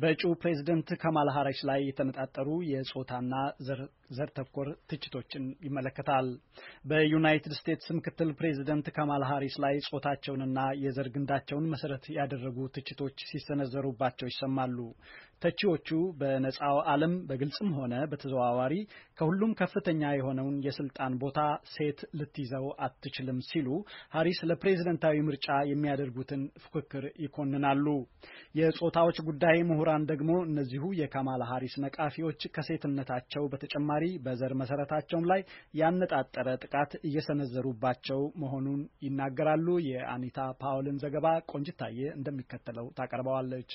በእጩው ፕሬዝደንት ከማል ሃሪስ ላይ የተነጣጠሩ የጾታና ዘር ዘር ተኮር ትችቶችን ይመለከታል። በዩናይትድ ስቴትስ ምክትል ፕሬዚደንት ካማል ሀሪስ ላይ ጾታቸውንና የዘር ግንዳቸውን መሰረት ያደረጉ ትችቶች ሲሰነዘሩባቸው ይሰማሉ። ተቺዎቹ በነጻው ዓለም በግልጽም ሆነ በተዘዋዋሪ ከሁሉም ከፍተኛ የሆነውን የስልጣን ቦታ ሴት ልትይዘው አትችልም ሲሉ ሀሪስ ለፕሬዝደንታዊ ምርጫ የሚያደርጉትን ፉክክር ይኮንናሉ። የጾታዎች ጉዳይ ምሁራን ደግሞ እነዚሁ የካማላ ሀሪስ ነቃፊዎች ከሴትነታቸው በተጨማሪ በተጨማሪ በዘር መሰረታቸውም ላይ ያነጣጠረ ጥቃት እየሰነዘሩባቸው መሆኑን ይናገራሉ። የአኒታ ፓውልን ዘገባ ቆንጅታየ እንደሚከተለው ታቀርበዋለች።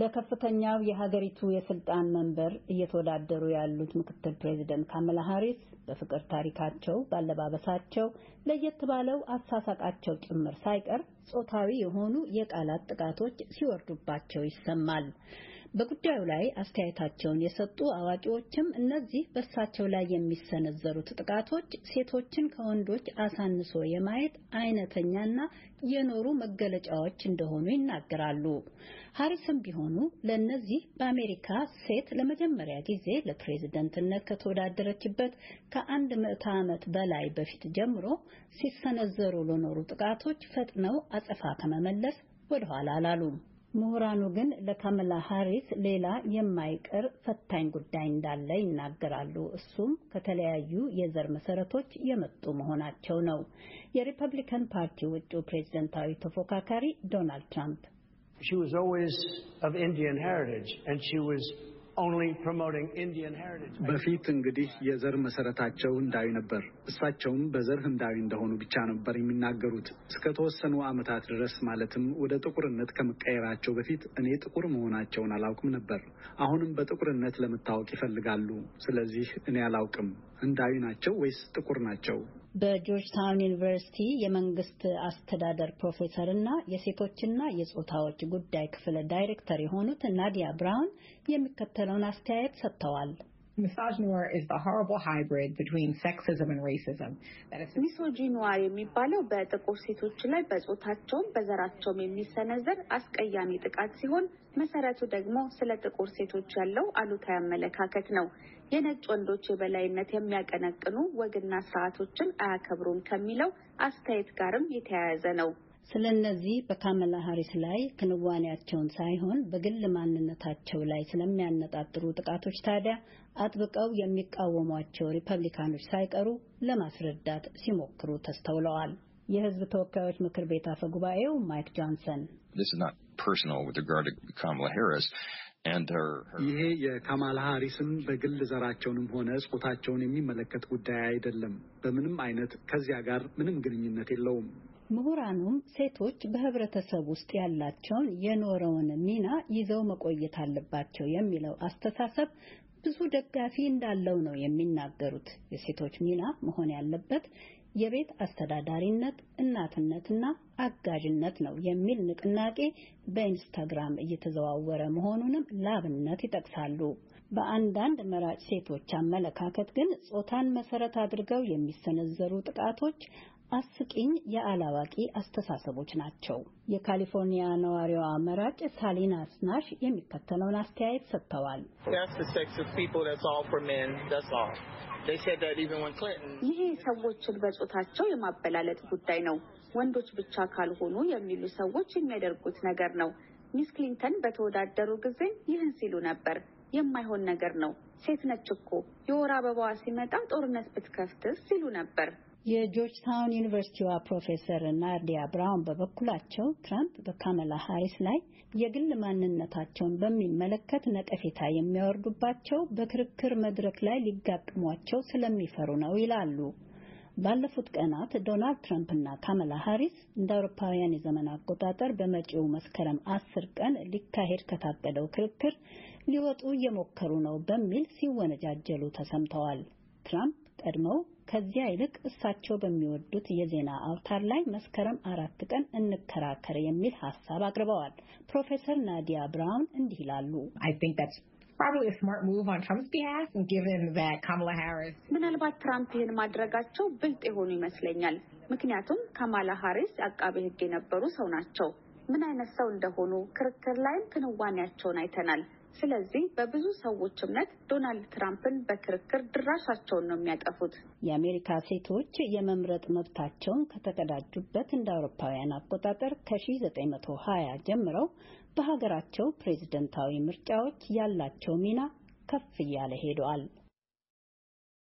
ለከፍተኛው የሀገሪቱ የስልጣን መንበር እየተወዳደሩ ያሉት ምክትል ፕሬዚደንት ካመላ ሀሪስ በፍቅር ታሪካቸው፣ ባለባበሳቸው፣ ለየት ባለው አሳሳቃቸው ጭምር ሳይቀር ጾታዊ የሆኑ የቃላት ጥቃቶች ሲወርዱባቸው ይሰማል። በጉዳዩ ላይ አስተያየታቸውን የሰጡ አዋቂዎችም እነዚህ በእሳቸው ላይ የሚሰነዘሩት ጥቃቶች ሴቶችን ከወንዶች አሳንሶ የማየት አይነተኛና የኖሩ መገለጫዎች እንደሆኑ ይናገራሉ። ሀሪስም ቢሆኑ ለእነዚህ በአሜሪካ ሴት ለመጀመሪያ ጊዜ ለፕሬዝደንትነት ከተወዳደረችበት ከአንድ ምዕተ ዓመት በላይ በፊት ጀምሮ ሲሰነዘሩ ለኖሩ ጥቃቶች ፈጥነው አጸፋ ከመመለስ ወደኋላ አላሉም። ምሁራኑ ግን ለካመላ ሃሪስ ሌላ የማይቀር ፈታኝ ጉዳይ እንዳለ ይናገራሉ። እሱም ከተለያዩ የዘር መሰረቶች የመጡ መሆናቸው ነው። የሪፐብሊካን ፓርቲ ውጪው ፕሬዝደንታዊ ተፎካካሪ ዶናልድ ትራምፕ በፊት እንግዲህ የዘር መሰረታቸው ህንዳዊ ነበር። እሳቸውም በዘር ህንዳዊ እንደሆኑ ብቻ ነበር የሚናገሩት እስከ ተወሰኑ ዓመታት ድረስ ማለትም ወደ ጥቁርነት ከመቀየራቸው በፊት እኔ ጥቁር መሆናቸውን አላውቅም ነበር። አሁንም በጥቁርነት ለመታወቅ ይፈልጋሉ። ስለዚህ እኔ አላውቅም ህንዳዊ ናቸው ወይስ ጥቁር ናቸው? በጆርጅ ታውን ዩኒቨርሲቲ የመንግስት አስተዳደር ፕሮፌሰር እና የሴቶችና የጾታዎች ጉዳይ ክፍል ዳይሬክተር የሆኑት ናዲያ ብራውን የሚከተለውን አስተያየት ሰጥተዋል። ሚሶጂኖር is the horrible hybrid between sexism and racism. ሚሶጂኖር የሚባለው በጥቁር ሴቶች ላይ በጾታቸውም በዘራቸውም የሚሰነዘር አስቀያሚ ጥቃት ሲሆን መሰረቱ ደግሞ ስለ ጥቁር ሴቶች ያለው አሉታዊ አመለካከት ነው። የነጭ ወንዶች የበላይነት የሚያቀነቅኑ ወግና ስርዓቶችን አያከብሩም ከሚለው አስተያየት ጋርም የተያያዘ ነው። ስለ እነዚህ በካመላ ሀሪስ ላይ ክንዋኔያቸውን ሳይሆን በግል ማንነታቸው ላይ ስለሚያነጣጥሩ ጥቃቶች ታዲያ አጥብቀው የሚቃወሟቸው ሪፐብሊካኖች ሳይቀሩ ለማስረዳት ሲሞክሩ ተስተውለዋል። የሕዝብ ተወካዮች ምክር ቤት አፈ ጉባኤው ማይክ ጆንሰን ይሄ የካማላ ሃሪስን በግል ዘራቸውንም ሆነ ጾታቸውን የሚመለከት ጉዳይ አይደለም። በምንም አይነት ከዚያ ጋር ምንም ግንኙነት የለውም። ምሁራኑም ሴቶች በህብረተሰብ ውስጥ ያላቸውን የኖረውን ሚና ይዘው መቆየት አለባቸው የሚለው አስተሳሰብ ብዙ ደጋፊ እንዳለው ነው የሚናገሩት። የሴቶች ሚና መሆን ያለበት የቤት አስተዳዳሪነት፣ እናትነትና አጋዥነት ነው የሚል ንቅናቄ በኢንስታግራም እየተዘዋወረ መሆኑንም ላብነት ይጠቅሳሉ። በአንዳንድ መራጭ ሴቶች አመለካከት ግን ጾታን መሰረት አድርገው የሚሰነዘሩ ጥቃቶች አስቂኝ የአላዋቂ አስተሳሰቦች ናቸው። የካሊፎርኒያ ነዋሪዋ መራጭ ሳሊና ስናሽ የሚከተለውን አስተያየት ሰጥተዋል። ይሄ ሰዎችን በጾታቸው የማበላለጥ ጉዳይ ነው፣ ወንዶች ብቻ ካልሆኑ የሚሉ ሰዎች የሚያደርጉት ነገር ነው። ሚስ ክሊንተን በተወዳደሩ ጊዜ ይህን ሲሉ ነበር። የማይሆን ነገር ነው፣ ሴት ነች እኮ የወር አበባዋ ሲመጣ ጦርነት ብትከፍትስ ሲሉ ነበር። የጆርጅ ታውን ዩኒቨርሲቲዋ ፕሮፌሰር ናርዲያ ብራውን በበኩላቸው ትራምፕ በካመላ ሃሪስ ላይ የግል ማንነታቸውን በሚመለከት ነቀፌታ የሚያወርዱባቸው በክርክር መድረክ ላይ ሊጋጥሟቸው ስለሚፈሩ ነው ይላሉ። ባለፉት ቀናት ዶናልድ ትራምፕ እና ካመላ ሃሪስ እንደ አውሮፓውያን የዘመን አቆጣጠር በመጪው መስከረም አስር ቀን ሊካሄድ ከታቀደው ክርክር ሊወጡ እየሞከሩ ነው በሚል ሲወነጃጀሉ ተሰምተዋል። ትራምፕ ቀድመው ከዚያ ይልቅ እሳቸው በሚወዱት የዜና አውታር ላይ መስከረም አራት ቀን እንከራከር የሚል ሀሳብ አቅርበዋል። ፕሮፌሰር ናዲያ ብራውን እንዲህ ይላሉ። ምናልባት ትራምፕ ይህን ማድረጋቸው ብልጥ የሆኑ ይመስለኛል። ምክንያቱም ካማላ ሃሪስ አቃቤ ሕግ የነበሩ ሰው ናቸው። ምን አይነት ሰው እንደሆኑ ክርክር ላይም ትንዋኔያቸውን አይተናል። ስለዚህ በብዙ ሰዎች እምነት ዶናልድ ትራምፕን በክርክር ድራሻቸውን ነው የሚያጠፉት። የአሜሪካ ሴቶች የመምረጥ መብታቸውን ከተቀዳጁበት እንደ አውሮፓውያን አቆጣጠር ከ1920 ጀምረው በሀገራቸው ፕሬዝደንታዊ ምርጫዎች ያላቸው ሚና ከፍ እያለ ሄደዋል።